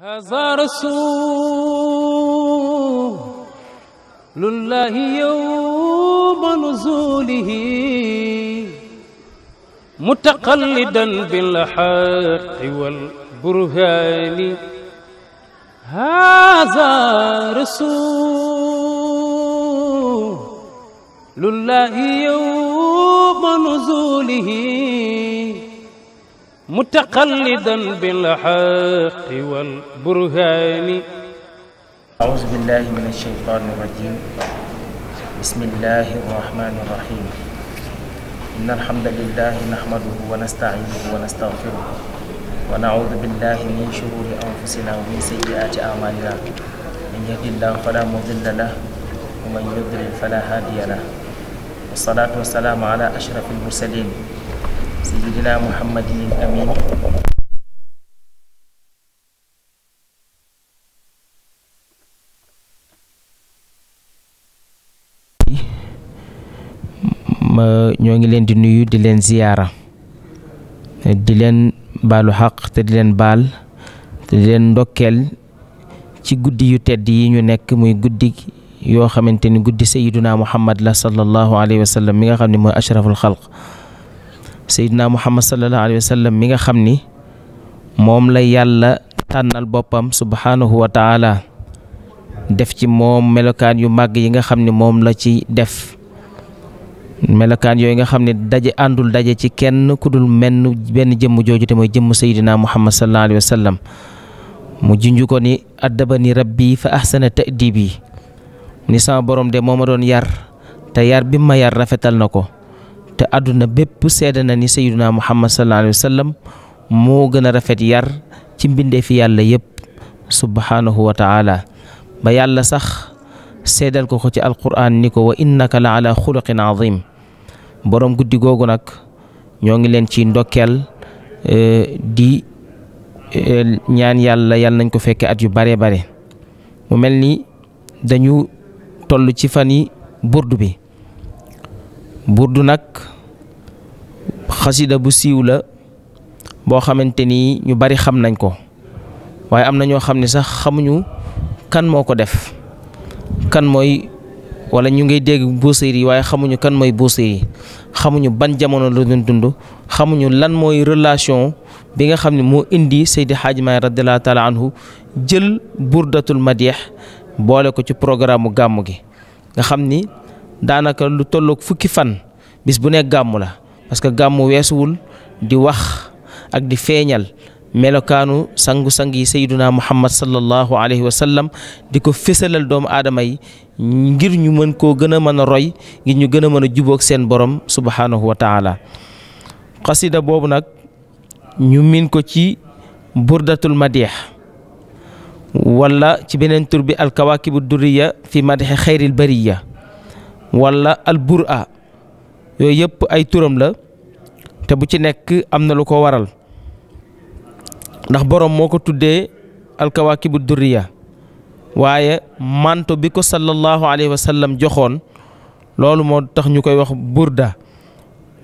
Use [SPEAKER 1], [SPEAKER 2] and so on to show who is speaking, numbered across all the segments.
[SPEAKER 1] هذا رسول الله يوم نزوله متقلدا بالحق والبرهان هذا رسول الله يوم نزوله متقلدا بالحق
[SPEAKER 2] والبرهان أعوذ بالله من الشيطان الرجيم بسم الله الرحمن الرحيم إن الحمد لله نحمده ونستعينه ونستغفره ونعوذ بالله من شرور أنفسنا ومن سيئات أعمالنا من يهد الله فلا مضل له ومن يضلل فلا هادي له والصلاة والسلام على أشرف المرسلين سيدنا محمد الأمين ñoo ngi leen di nuyu di leen ziyaara di leen baalu xaq te di leen baal te di leen ndokkeel ci guddi yu tedd yi ñu nekk muy guddi yoo xamante ni guddi sayiduna muhammad la sallallahu alayhi wa sallam mi nga xam ne mooy ashraful xalq seydina muhammad sallallahu alayhi wa sallam mi nga xam ni moom la yàlla tànnal boppam subhaanahu wa def ci moom melokaan yu màgg yi nga xam ni moom la ci def melokaan yooyu nga xam ne daje àndul daje ci kenn ku dul menn benn jëmm jooju te mooy jëmm saydina muhammad sallallahu alayhi wa sallam mu junj ko ni addabani rabbi fa ahsana ta'dibi ni sama borom de moo ma doon yar te yar bi ma yar rafetal na ko te àdduna bépp seede ni sayyiduna muhammad sallallahu alayhi wa sallam moo gën a rafet yar ci mbindeefi yàlla yëpp subhaanahu wa taala ba yàlla sax seedal ko ko ci alquraan ni ko wa innaka la ala xuluqin azim boroom guddi googu nag ñoo ngi leen ci ndokkeel e, di e, ñaan yàlla yàlla nañ ko fekke at yu bare bare mu mel ni dañu toll ci fan yi burdu bi burdu nag xasida bu siiw la boo xamante ni ñu bari xam nañ ko waaye am na ñoo xam ne sax xamuñu kan moo ko def kan mooy wala ñu ngay dégg Buusiri waaye xamuñu kan mooy Buusiri xamuñu ban jamono la doon dund xamuñu lan mooy relation bi nga xam ne moo indi Seydi Hadji Maalik radiyallaahu taala anhu jël buur burdatul madiex boole ko ci programme gàmm gi nga xam ni daanaka lu tolloog fukki fan bis bu nekk gàmm la parce que gamu diwah di wax ak di feñal melokanu sangu sangi sayyiduna muhammad sallallahu alaihi wasallam diko di ko adamay ngir ñu mën ko manoroi mëna roy ngir ñu gëna mëna jubok borom subhanahu wa taala qasida bobu nak ñu min ko ci burdatul madih wala ci benen turbi bi alkawaakibu durriya fi madih khairil bariya wala al bura yooyu ay turam la te bu ci nek amna lu ko waral ndax borom moo ko tuddee alkawaakibu durriya waye manto biko sallallahu alaihi wasallam joxone lolou mo tax wax burda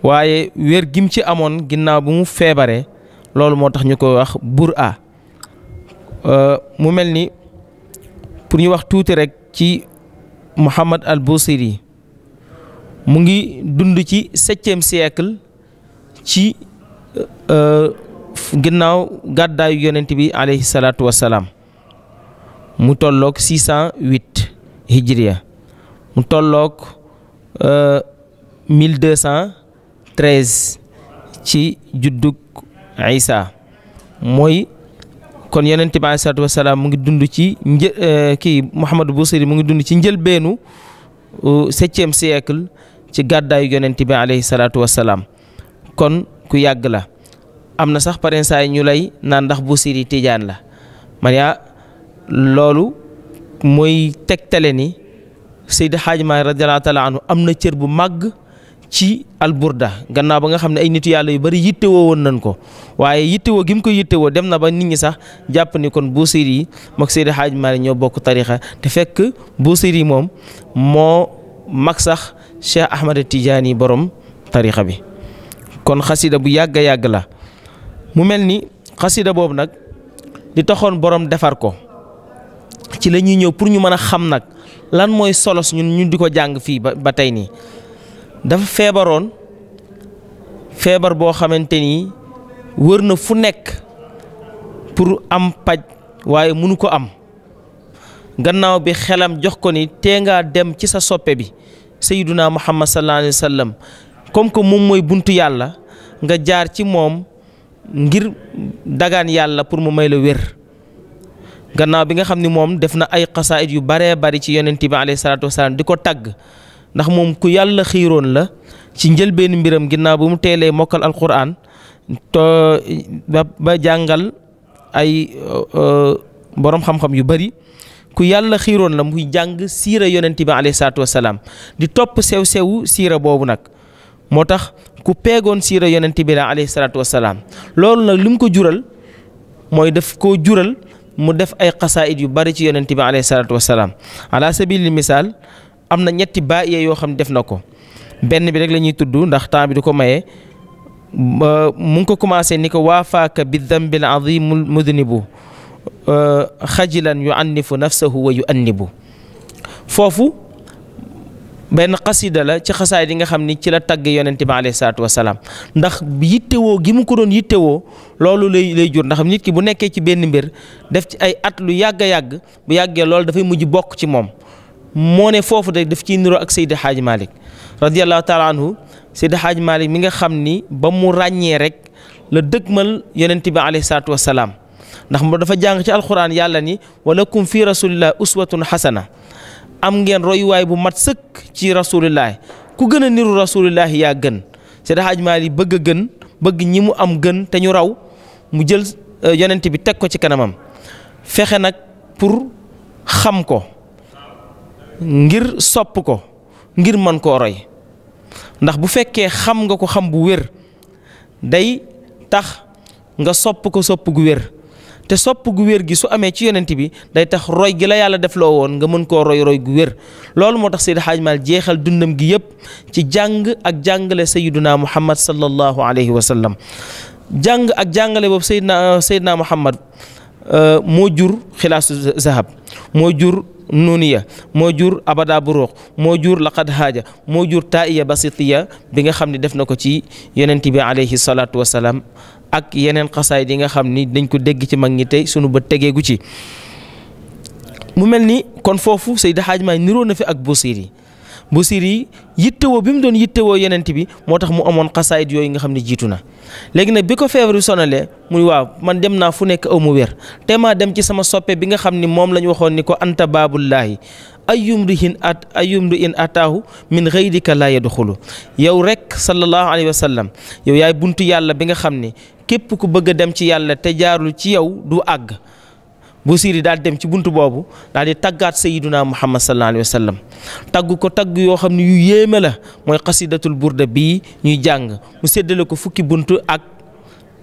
[SPEAKER 2] waye wer gim ci ginna ginnaw bu mu febaré lolou mo tax ñu wax bur'a euh, mu melni pour ñu wax rek ci Muhammad al Busiri mu ngi dund ci 7e siècle ci euh, euh, ginnaaw gàddaayu yonent bi aleyhi salaatu wassalaam mu tollook six cent huit hijriya mu tolloog euh, mille deux cent treize ci juddug Isa mooy kon yonent bi aleyhi salaatu wassalaam mu ngi dund ci një kii Mouhamadou Bousiri mu ngi dund ci njëlbeenu septième siècle ci gàddaayu yonent bi aleyhi salaatu wassalaam kon ku Amnasah la amna na sax parensaay ñu lay na ndax bu siri tidiane la man yaa loolu mooy ni Seydi Hadji ma radhiyallahu taala anhu amna bu mag ci alburda ganna ba nga xamne ay nitu yalla yu bari wo won nan ko waye yitte wo gim ko wo dem na ba nit ñi sax japp ni kon tariha. siri mak mom Hadji ma ñoo bok tariixa te fekk bu siri mom mo mak sax Cheikh Ahmad tidiane borom tariixa bi kon khasida bu yagga yàgg la mu melni ni xasida nak di taxone borom defar ko ci lañuy ñew pour ñu mëna xam nak lan moy solos ñun ñu di jang fi ba tay ni dafa febaron febar bo xamanteni wërna munuko fu nek pour am paj waye mënu ko am gannaaw bi xelam jox ko ni te nga dem ci sa soppe bi sayyiduna muhammad sallallahu Alaihi Wasallam. comme que moom mooy buntu yàlla nga jaar ci moom ngir dagaan yàlla pour mu may la wér gannaaw bi nga xam ni moom def na ay xasaayit yu baree bari ci yonent bi alayhi salaatu wasalaam di ko tàgg ndax moom ku yàlla xiiroon la ci njëlbeenu mbiram ginnaaw bu mu teelee mokkal alquran to ba ba jàngal ay uh, uh, borom xam-xam yu bari ku yàlla xiiroon la muy jàng siira yonent bi alayhi salaatu di topp sew sewu siira boobu nag motax ku pegon sira yonnati bi alayhi salatu wassalam lolou nak lim ko jural moy def ko jural mu def ay qasaid yu bari ci yonnati bi alayhi salatu wassalam ala sabil misal amna ñetti baaye yo xam def nako ko benn bi rek lañuy tuddu ndax ta bi duko maye mu ngi ko commencé ni ko bi dambil azim mudnibu xajilan yu nafsahu wa yu'annibu fofu benn xasida la ci xasaay yi nga xam ni ci la tagg yonent bi alayhi salaatu wasalaam ndax yittewoo gi mu ko doon yittewoo loolu lay lay jur ndax nit ki bu nekkee ci benn mbir def ci ay at lu yàgg a yàgg bu yàggee loolu dafay mujj bokk ci moom moo ne foofu de def ciy niroo ak seyd xaaj Malick radiyallahu taala anhu Seydi xaaj Malick mi nga xam ni ba mu ràññee rek la dëgmal yonent bi alayhi salaatu wasalaam ndax mu dafa jàng ci alxuraan yàlla ni walakum fi rasulillah uswatun xasana am ngeen royuwaay bu mat sëkk ci rasulillahi ku gën a niru rasulillahi yaa gën Seydi Hajji Maalik bëgg a gën bëgg ñi mu am gën te ñu raw mu jël euh, yonent bi teg ko ci kanamam fexe nag pour xam ko ngir sopp ko ngir mën koo roy ndax bu fekkee xam nga ko xam bu wér day tax nga sopp ko sopp gu wér te sopp gu wér gi su amee ci yonent bi day tax roy gi la yàlla def loo woon nga mën koo roy roy gu wér loolu moo tax Seydi Hadj Mal jeexal dundam gi yëpp ci jàng ak jàngale Sayyiduna Muhammad sallallahu alayhi wa sallam jàng ak jàngale boobu Seydina Seydina Muhammad euh, moo jur xilaasu zahab moo jur nuuniya moo jur abada buruux moo jur lakad haaja moo jur taaiya basitiya bi nga xam ne def na ko ci yonent bi salaatu wasalaam ak yeneen xasaay yi nga xam ni dañ ko dégg ci mag ñi tey sunu bët tegeegu ci mu mel ni kon foofu sey Hadj Maay niroo na fi ak Busiri Busiri yittewoo bi mu doon yittewoo yenent bi moo tax mu amoon xasaayid yooyu nga xam ne jiitu na léegi nag bi ko feebar yu sonalee muy waaw man dem naa fu nekk aw mu wér te maa dem ci sama soppe bi nga xam ni moom la waxoon ni ko anta baabullaahi ayumdu hin at ayumdu in ataahu min xëydika laa yadxulu yow rek sallallahu yàlla bi nga xam ni képp ku bëgg a dem ci yàlla te jaarul ci yow du àgg Busiri daal dem ci bunt boobu daal di taggaat sayyiduna Muhammad sallallahu alayhi wa sallam tagg ko tagg yoo xam ne yu yéeme la mooy xasidatul burda bii ñuy jàng mu séddale ko fukki bunt ak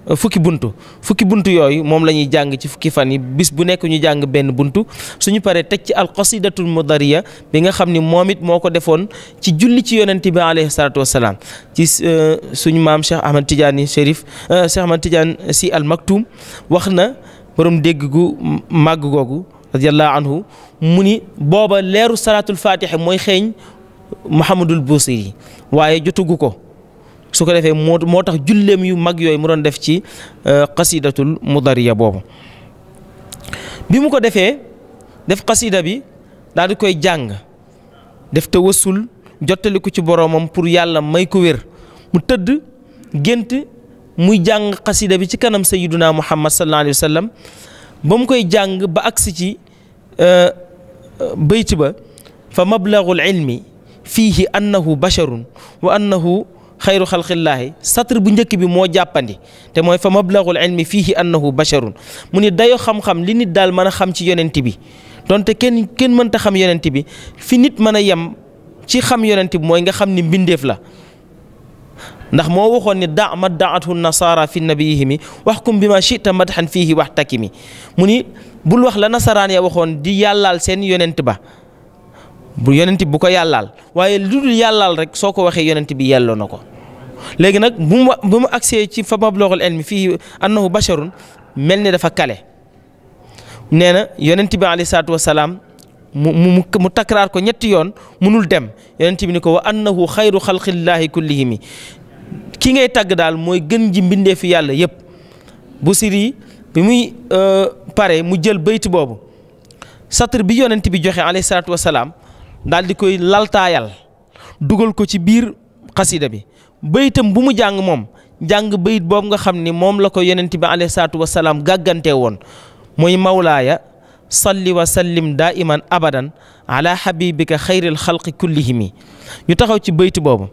[SPEAKER 2] Euh, fukki buntu fukki buntu yooyu moom la ñuy jàng ci fukki fan yi bis bu nekk ñu jàng benn buntu suñu paree teg ci alqasidatul mudariya bi nga xam ni moom it moo ko defoon ci julli ci yonente bi alayhi salaatu wasalaam ci euh, suñu maam Cheikh Ahmad Tidiane Chérif euh, Cheikh Ahmad Tidiane si al maktum wax na borom dégg gu màgg googu radiallahu anhu mu ni booba leeru salaatul fatiha mooy xeeñ Muhammadul Busiri waaye jotugu ko su ko defee moo tax julleem yu mag yooyu mu doon def ci qasidatul mudariya boobu bi mu ko defee def qasida bi daal di koy jàng def te wasul jottali ko ci boroomam pour yàlla may ko wér mu tëdd gént muy jàng qasida bi ci kanam sayiduna muhammad sallallahu alayhi wa sallam ba mu koy jàng ba agsi ci bayt ba fa mablagu ilmi fiihi annahu basharun wa annahu xayru xalqillaahi satr bu njëkk bi moo jàppandi te mooy fa mablagul ilmi fiihi annahu basharun mu ni dayo xam-xam li nit daal mën a xam ci yonent bi donte kenn kenn mënta xam yonent bi fi nit mën a yem ci xam yonent bi mooy nga xam ni mbindeef la ndax moo waxoon ni da ma daatu nasaara fi nabiyihimi wax kum bi ma chita madhan fiihi wax takki mi mu ni bul wax la nasaraan ya waxoon di yàllaal seen yonent ba bu yonent bu ko yàllaal waye luddul dul rek soko waxe waxee yonent bi yallo nako legi nak bu mu bu ci fa mabloxul ilmi annahu basharun melni dafa kale nee na yonent bi ali satt wa salam mu takrar ko ñetti yon munul dem yonent bi niko wa annahu xayru xalqillaahi kullihim ki ngay tag dal moy gën ji mbinde fi yàlla yeb bu siri bi muy pare mu jël bayt bobu satr bi yonent bi joxe satt wa salam dal di koy laltaayal dugal ko ci bir qasida bi beytam bu mu jàng mom jàng beyt bob nga xamni mom la ko yenenti bi alayhi salatu wassalam gagante won moy mawlaya salli wa sallim daiman abadan ala habibika xayril khalqi kullihimi ñu taxaw ci beyt bob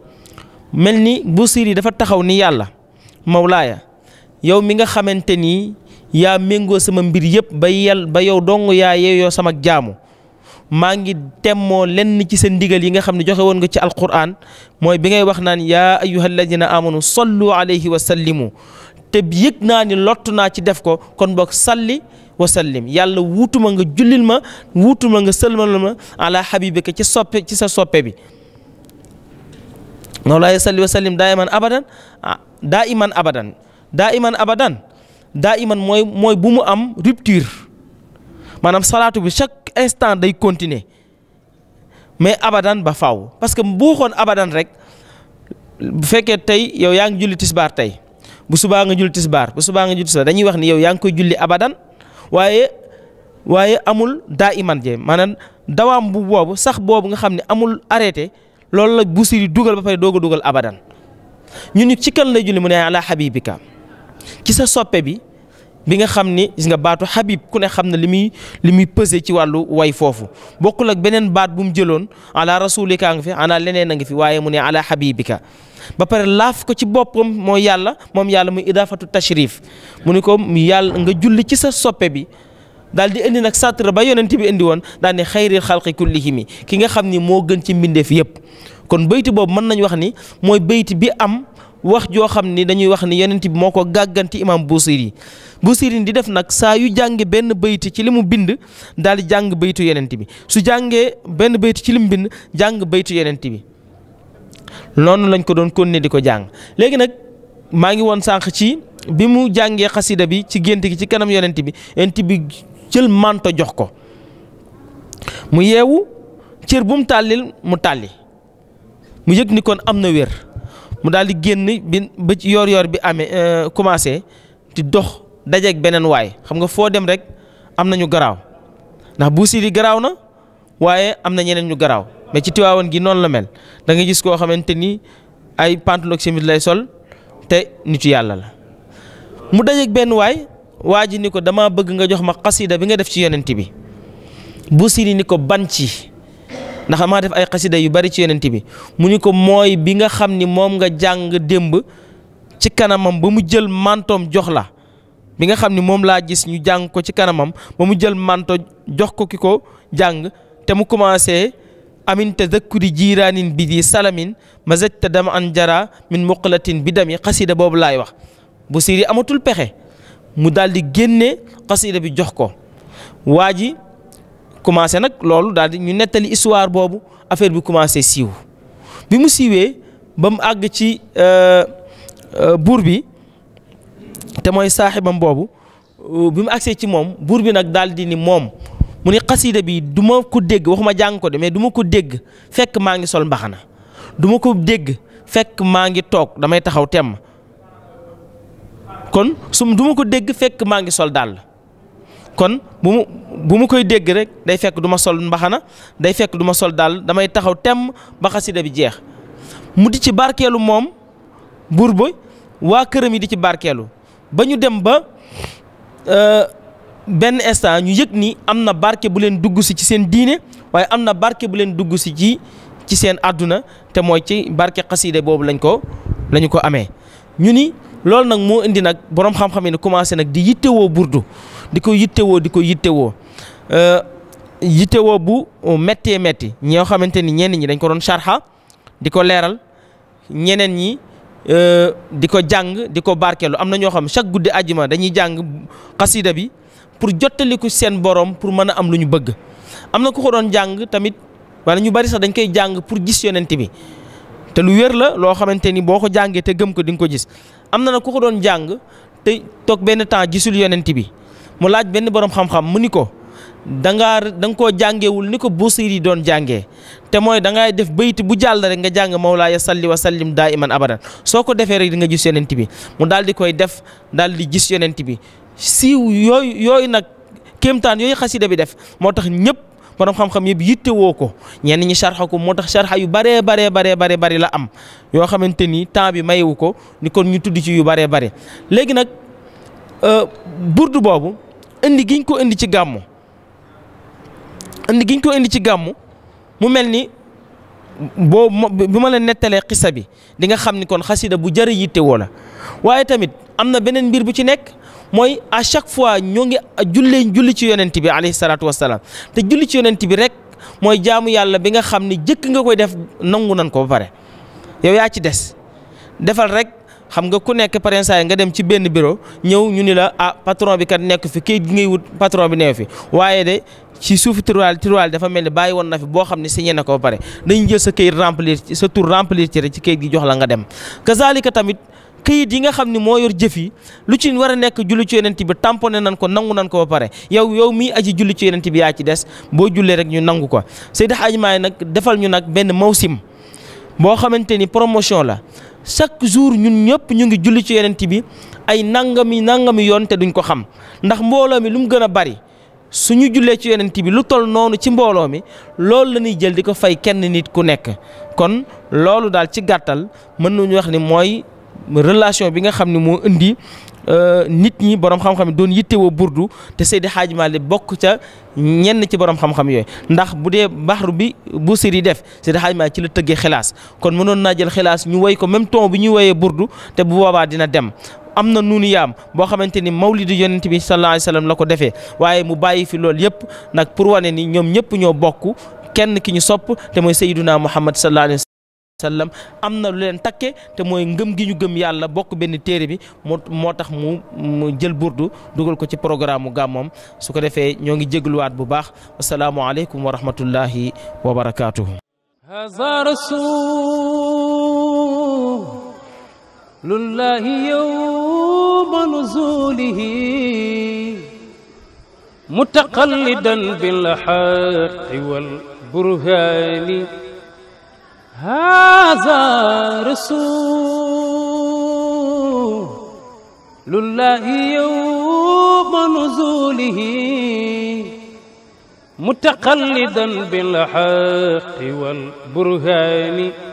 [SPEAKER 2] melni bu siri dafa taxaw ni yàlla mawlaya yow mi nga xamanteni ya mengo sama mbir yeb ba yal ba yow dong ya yeyo sama jamu mangi temmo temmoo lenn ci sen digal yi nga xamni joxe won nga ci alquran moy bi ngay wax nan ya ayyuhalladhina amanu sallu alayhi wa sallimu te yëg naa ni lotuna ci def ko kon bok salli wa sallim yàlla wutuma nga julil ma wutuma nga salmal ma ala habibika ci soppe ci sa soppe bi mawlaaya salli wa sallim daa abadan daiman abadan daiman abadan daiman iman mooy mooy am rupture maanaam salatu bi chaque instant day continuer mais abadan ba faw parce que bu waxoon abadan rek bu fekkee tey yow yaa ngi julli tisbaar tey bu subaa nga julli tisbaar bu subaa nga julli dañuy wax ni yow yaa ngi koy julli abadan waaye waaye amul daa iman je maanaam dawaam bu boobu sax boobu nga xam ne amul arrêté loolu la bu dugal ba pare doog a dugal abadan ñun nit ci kan lay julli mu ne ala habibika ci sa soppe bi. bi nga xam ni gis nga Habib ku ne xam limi li muy li muy pesé ci wàllu way foofu ak bu mu ala rasulika a ngi fi ana leneen a fi waaye mu ne ala habibika ba pare laf ko ci boppam mooy yàlla moom yàlla muy idaafatu tashrif mu ni ko yàlla nga julli ci sa soppe bi daal indi nag satr ba yonent bi indi woon daal ne xayril xalqi kullihimi ki nga xam ni gën ci kon bayti boobu mën nañ wax ni bi am wax jo xamni ni dañuy wax ni yenen bi moko gaganti imam Busiri Busiri di def nak sa yu jangé ben beuyti ci li bind dal di jàng yenen yonent bi su jangé ben beuyti ci limu mu bind jàng baytu ti bi nonu lañ ko don konni di ko legi nak ma ngi won sank ci bi mu jàngee xasida bi ci genti ci kanam ti bi ti bi jël manto jox ko mu yewu cër bu mu tàllil mu tàlli mu yek ni kon am na mu daal di génn bi ba ci yor-yor bi amee euh, commencé di dox dajeeg beneen waay xam nga foo dem rek am nañu garaaw ndax Bou Siré garaaw na waaye am na ñeneen ñu garaaw mais ci Tiwaawan gi noonu la mel da nga gis koo xamante ni ay pantalon chemise lay sol te nitu yàlla la mu dajeeg benn waay waa ji ni ko dama bëgg nga jox ma xasida bi nga def ci yonent bi Bou Siré ni ko ban ci ndax maa def ay xasida yu bari ci yonent bi mu ni ko mooy bi nga xam ni moom nga jàng démb ci kanamam ba mu jël mantoom jox la bi nga xam ni moom laa gis ñu jàng ko ci kanamam ba mu jël manto jox ko ki ko jàng te mu commencé amin tadakkuri jiiraanin bi di ma salamin te dama an jara min muqlatin bi dami xasida boobu laay wax bu siiri amatul pexe mu daal di génne xasida bi jox ko waa commencé nag loolu daal di ñu nettali histoire boobu affaire bi commencé siiw bi mu siiwee ba mu àgg ci euh, euh, buur bi te mooy saaxibam boobu euh, bi mu àgsee ci moom buur bi nag daal di ni moom mu ni xasiida bi du ma ko dégg waxuma jàng ko de mais duma ko dégg fekk maa ngi sol mbaxana du ko dégg fekk maa ngi toog damay taxaw temm kon su duma ko dégg fekk maa ngi sol dàll kon bu mu bu mu koy dégg rek day fekk du ma sol mbaxana day fekk du ma sol daal damay taxaw temm ba xasida bi jeex mu di ci barkeelu moom buur ba waa këram yi di ci barkeelu ba ñu dem ba euh, benn instant ñu yëg ni am na barke bu leen dugg si ci seen diine waaye am na barke bu leen dugg si ci ci seen àdduna te mooy ci barke xasida boobu lañ ko lañu ko amee ñu ni loolu nag moo indi nag boroom xam-xam yi ne commencé nag di yittewoo du di ko yittewoo di ko yittewoo euh, yittewoo bu méttee métti ñoo xamante ni ñenn ñi dañ ko doon sharxa di ko leeral ñeneen ñi euh, di ko jàng di ko barkeelu am na ñoo xam chaque guddi àjjuma dañuy jàng xasida bi pour jottaliku seen borom pour mën a am lu ñu bëgg am na ku ko doon jàng tamit wala ñu bari sax dañ koy jàng pour gis bi te lu wér la loo xamante ni boo ko jàngee gëm ko di nga ko gis am na na ku ko doon jàng te toog benn temps gisul yonent bi mu laaj benn borom xam-xam mu ni ko da ngaa da nga koo jàngewul ni ko Busiri doon jàngee te mooy da ngay def bayti bu jàll rek nga jàng maw mawlaaya salli wa sallim daa iman abadan soo ko defee rek di nga gis yonent bi mu daal di koy def daal di gis yonent bi siiw yooyu yooyu nag kéemtaan yooyu xasida bi def moo tax ñëpp borom xam-xam yëpp yitte woo ko ñenn ñi sarxa ko moo tax sarxa yu baree baree bare baree bari la am yoo xamante ni temps bi mayewu ko ni kon ñu tudd ci yu baree bare léegi nag euh, burdu boobu. indi giñ ko indi ci gàmmu indi giñ ko indi ci gàmmu mu mel ni boo bi ma la nettalee xisa bi di nga xam ni kon xasida bu jërë yitte woo la waaye tamit am na beneen mbir bu ci nekk mooy à chaque fois ñoo ngi a jullee julli ci yonent bi alayhi salaatu wasalaam te julli ci yonent bi rek mooy jaamu yàlla bi nga xam ni jëkk nga koy def nangu nan ko ba pare yow yaa ci des defal rek. xam nga ku nekk par exemple nga dem ci benn biro ñëw ñu ni la ah patron bi kat nekk fi kayit gi ngay wut patron bi neew fi waaye de ci suuf tiroir tiroir dafa mel ni bàyyi woon na fi boo xam ne si na ko ba pare dañu jël sa kayit remplir sa tour remplir ci rek ci gi jox la nga dem kazalika tamit këyit yi nga xam ne moo yor jëf yi lu ci war a nekk julli ci yonent bi tamponné nan ko nangu nan ko ba pare yow yow mii aji julli ci yonent bi yaa ci des boo jullee rek ñu nangu ko Seydi Hadji Malick nag defal ñu nag benn mawsim boo xamante ni promotion la chaque jour ñun ñëpp ñu ngi julli ci yonent bi ay nangami nangami yoon te duñ ko xam ndax mbooloo mi lu mu gën a bari su ñu jullee ci yonent bi lu toll noonu ci mbooloo mi loolu la ñuy jël di ko fay kenn nit ku nekk kon loolu daal ci gàttal mën nañu wax ni mooy relation bi nga xam ni moo indi Euh, nit ñi borom xam-xam yi doon yittewoo burdu te Seydi Hadji Malick bokk ca ñenn ci borom xam-xam yooyu ndax bu dee baxru bi bu siri def Seydi Hadji Malick ci la tëggee xilaas kon mënoon naa jël xilaas ñu woy ko même ton bi ñuy woyee burdu te bu boobaa dina dem. am na nuunu yaam boo xamante ni mawlidu yonent bi sallallahu alayhi wasallam la ko defee waaye mu bàyyi fi loolu yëpp nag pour wane ni ñoom ñëpp ñoo bokk kenn ki ñu sopp te mooy Seydina Muhammad sallallahu alayhi wasallam sallam am na lu leen takke te mooy ngëm gi ñu gëm yàlla bokk benn téere bi moo moo tax mu mu jël burdu dugal ko ci programme mu gàmmoom su ko defee ñoo ngi jégluwaat bu baax asalaamualeykum wa rahmatullahi wa barakaatuhu
[SPEAKER 1] haza rasulullahi yawma nuzulihi mutaqallidan bil haqqi wal burhani هذا رسول الله يوم نزوله متقلدا بالحق والبرهان